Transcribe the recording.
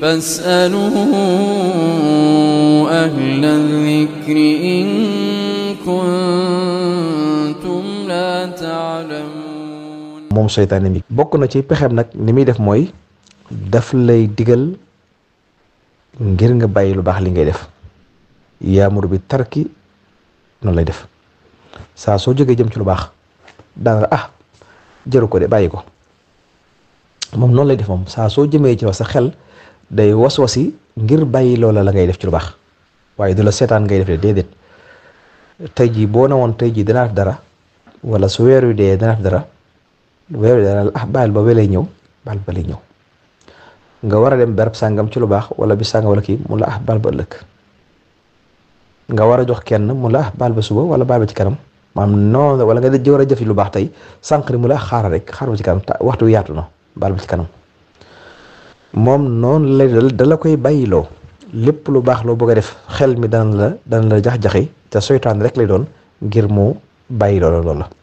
فاسألوا أهل الذكر إن كنتم لا تعلمون موم شيطان ميك بوك نا سي پخم نك نيمي ديف موي داف لاي ديغال غير nga bayyi lu bax li ngay def ya mur bi tarki non lay def sa so joge jëm ci lu bax da nga ah jëru ko de bàyyi ko moom noonu lay def moom saa soo jëmee ci loolu sa xel day waswasi ngir bàyyi loola la ngay def ci lu baax waaye du la seetaan ngay def déedéet tey jii boo ne woon tey jii danaa def dara wala su weeru wi dee danaa def dara weer wi dana ah baal ba welay ñëw baal ba nga war a dem berab sàngam ci lu baax wala bi sàngam wala mu la ah, nga war a jox kenn mu la ah baal ba suba wala baal ba ci kanam maanaam noonu wala nga war a jëf lu baax tey sànq ni mu la ah xaaral rek xaaral ba ci kanam waxtu yaatu na. baal ma ci kanam moom noonu lay dal dala koy bàyyiloo lépp lu baax loo bëgg def xel mi dana la dana la jax-jaxi te soytaan rek lay doon ngir mu bàyyiloo la loola